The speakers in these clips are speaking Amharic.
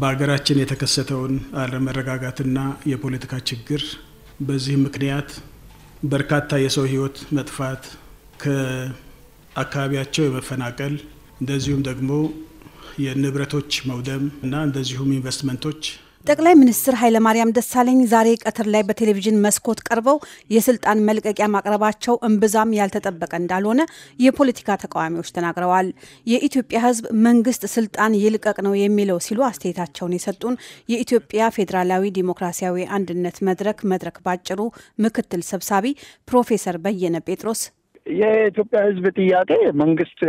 በሀገራችን የተከሰተውን አለመረጋጋትና የፖለቲካ ችግር በዚህ ምክንያት በርካታ የሰው ህይወት መጥፋት ከአካባቢያቸው የመፈናቀል እንደዚሁም ደግሞ የንብረቶች መውደም እና እንደዚሁም ኢንቨስትመንቶች ጠቅላይ ሚኒስትር ኃይለማርያም ደሳለኝ ዛሬ ቀትር ላይ በቴሌቪዥን መስኮት ቀርበው የስልጣን መልቀቂያ ማቅረባቸው እምብዛም ያልተጠበቀ እንዳልሆነ የፖለቲካ ተቃዋሚዎች ተናግረዋል። የኢትዮጵያ ሕዝብ መንግስት ስልጣን ይልቀቅ ነው የሚለው ሲሉ አስተያየታቸውን የሰጡን የኢትዮጵያ ፌዴራላዊ ዲሞክራሲያዊ አንድነት መድረክ መድረክ ባጭሩ ምክትል ሰብሳቢ ፕሮፌሰር በየነ ጴጥሮስ የኢትዮጵያ ሕዝብ ጥያቄ መንግስት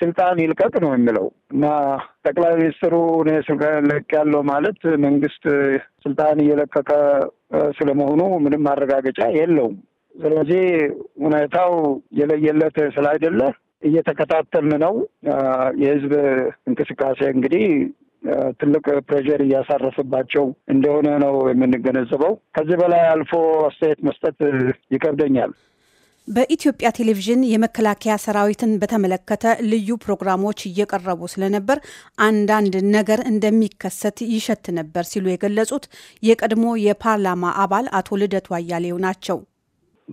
ስልጣን ይልቀቅ ነው የምለው እና ጠቅላይ ሚኒስትሩ እኔ ስልጣን ለቅ ያለው ማለት መንግስት ስልጣን እየለቀቀ ስለመሆኑ ምንም ማረጋገጫ የለውም። ስለዚህ ሁኔታው የለየለት ስላይደለ እየተከታተልን ነው። የህዝብ እንቅስቃሴ እንግዲህ ትልቅ ፕሬዠር እያሳረፈባቸው እንደሆነ ነው የምንገነዘበው። ከዚህ በላይ አልፎ አስተያየት መስጠት ይከብደኛል። በኢትዮጵያ ቴሌቪዥን የመከላከያ ሰራዊትን በተመለከተ ልዩ ፕሮግራሞች እየቀረቡ ስለነበር አንዳንድ ነገር እንደሚከሰት ይሸት ነበር ሲሉ የገለጹት የቀድሞ የፓርላማ አባል አቶ ልደቱ አያሌው ናቸው።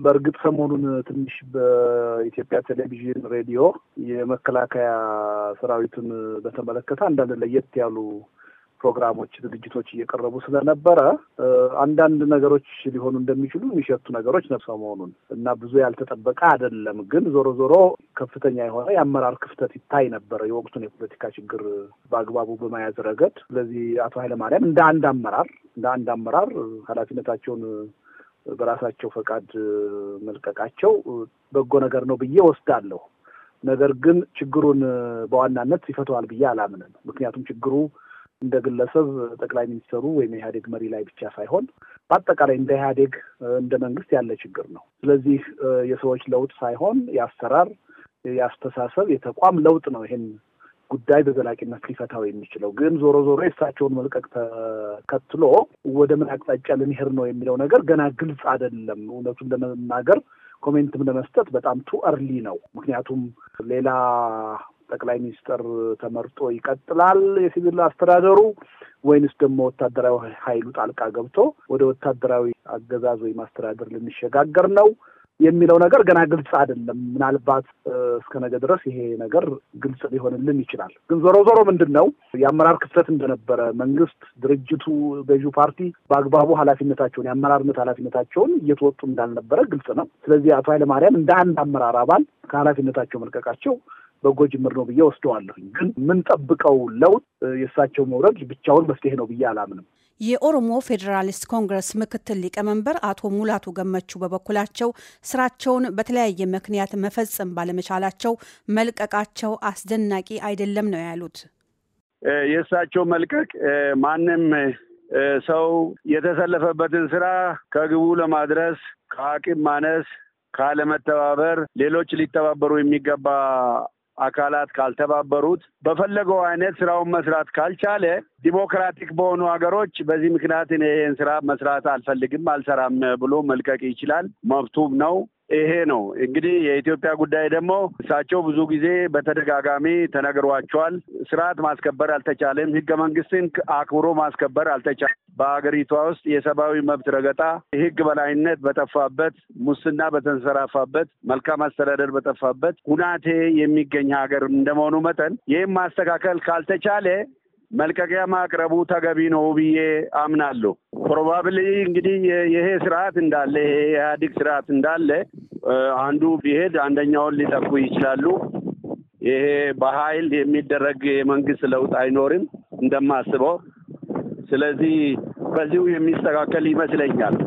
በእርግጥ ሰሞኑን ትንሽ በኢትዮጵያ ቴሌቪዥን፣ ሬዲዮ የመከላከያ ሰራዊትን በተመለከተ አንዳንድ ለየት ያሉ ፕሮግራሞች፣ ዝግጅቶች እየቀረቡ ስለነበረ አንዳንድ ነገሮች ሊሆኑ እንደሚችሉ የሚሸቱ ነገሮች ነፍሰ መሆኑን እና ብዙ ያልተጠበቀ አይደለም። ግን ዞሮ ዞሮ ከፍተኛ የሆነ የአመራር ክፍተት ይታይ ነበረ የወቅቱን የፖለቲካ ችግር በአግባቡ በመያዝ ረገድ። ስለዚህ አቶ ኃይለማርያም እንደ አንድ አመራር እንደ አንድ አመራር ኃላፊነታቸውን በራሳቸው ፈቃድ መልቀቃቸው በጎ ነገር ነው ብዬ ወስዳለሁ። ነገር ግን ችግሩን በዋናነት ይፈተዋል ብዬ አላምንም። ምክንያቱም ችግሩ እንደ ግለሰብ ጠቅላይ ሚኒስትሩ ወይም የኢህአዴግ መሪ ላይ ብቻ ሳይሆን በአጠቃላይ እንደ ኢህአዴግ እንደ መንግስት ያለ ችግር ነው። ስለዚህ የሰዎች ለውጥ ሳይሆን የአሰራር፣ የአስተሳሰብ፣ የተቋም ለውጥ ነው ይሄን ጉዳይ በዘላቂነት ሊፈታው የሚችለው። ግን ዞሮ ዞሮ የእሳቸውን መልቀቅ ተከትሎ ወደ ምን አቅጣጫ ልንሄድ ነው የሚለው ነገር ገና ግልጽ አይደለም። እውነቱን ለመናገር ኮሜንትም ለመስጠት በጣም ቱ ርሊ ነው። ምክንያቱም ሌላ ጠቅላይ ሚኒስተር ተመርጦ ይቀጥላል የሲቪል አስተዳደሩ ወይንስ ደግሞ ወታደራዊ ኃይሉ ጣልቃ ገብቶ ወደ ወታደራዊ አገዛዝ ወይም አስተዳደር ልንሸጋገር ነው የሚለው ነገር ገና ግልጽ አይደለም። ምናልባት እስከ ነገ ድረስ ይሄ ነገር ግልጽ ሊሆንልን ይችላል። ግን ዞሮ ዞሮ ምንድን ነው የአመራር ክፍተት እንደነበረ መንግስት፣ ድርጅቱ፣ ገዢው ፓርቲ በአግባቡ ኃላፊነታቸውን የአመራርነት ኃላፊነታቸውን እየተወጡ እንዳልነበረ ግልጽ ነው። ስለዚህ አቶ ኃይለማርያም እንደ አንድ አመራር አባል ከኃላፊነታቸው መልቀቃቸው በጎ ጅምር ነው ብዬ ወስደዋለሁ። ግን የምንጠብቀው ለውጥ የእሳቸው መውረድ ብቻውን መፍትሄ ነው ብዬ አላምንም። የኦሮሞ ፌዴራሊስት ኮንግረስ ምክትል ሊቀመንበር አቶ ሙላቱ ገመቹ በበኩላቸው ስራቸውን በተለያየ ምክንያት መፈጸም ባለመቻላቸው መልቀቃቸው አስደናቂ አይደለም ነው ያሉት። የእሳቸው መልቀቅ ማንም ሰው የተሰለፈበትን ስራ ከግቡ ለማድረስ ከአቅም ማነስ ካለመተባበር ሌሎች ሊተባበሩ የሚገባ አካላት ካልተባበሩት በፈለገው አይነት ስራውን መስራት ካልቻለ ዲሞክራቲክ በሆኑ ሀገሮች በዚህ ምክንያት እኔ ይህን ስራ መስራት አልፈልግም አልሰራም ብሎ መልቀቅ ይችላል። መብቱም ነው። ይሄ ነው እንግዲህ የኢትዮጵያ ጉዳይ ደግሞ እሳቸው ብዙ ጊዜ በተደጋጋሚ ተነግሯቸዋል። ስርዓት ማስከበር አልተቻለም። ህገ መንግስትን አክብሮ ማስከበር አልተቻለም። በሀገሪቷ ውስጥ የሰብአዊ መብት ረገጣ፣ የህግ በላይነት በጠፋበት፣ ሙስና በተንሰራፋበት፣ መልካም አስተዳደር በጠፋበት ሁናቴ የሚገኝ ሀገር እንደመሆኑ መጠን ይህም ማስተካከል ካልተቻለ መልቀቂያ ማቅረቡ ተገቢ ነው ብዬ አምናለሁ። ፕሮባብሊ እንግዲህ ይሄ ስርዓት እንዳለ ይሄ ኢህአዲግ ስርዓት እንዳለ አንዱ ቢሄድ አንደኛውን ሊተኩ ይችላሉ። ይሄ በኃይል የሚደረግ የመንግስት ለውጥ አይኖርም እንደማስበው ስለዚህ በዚሁ የሚስተካከል ይመስለኛል።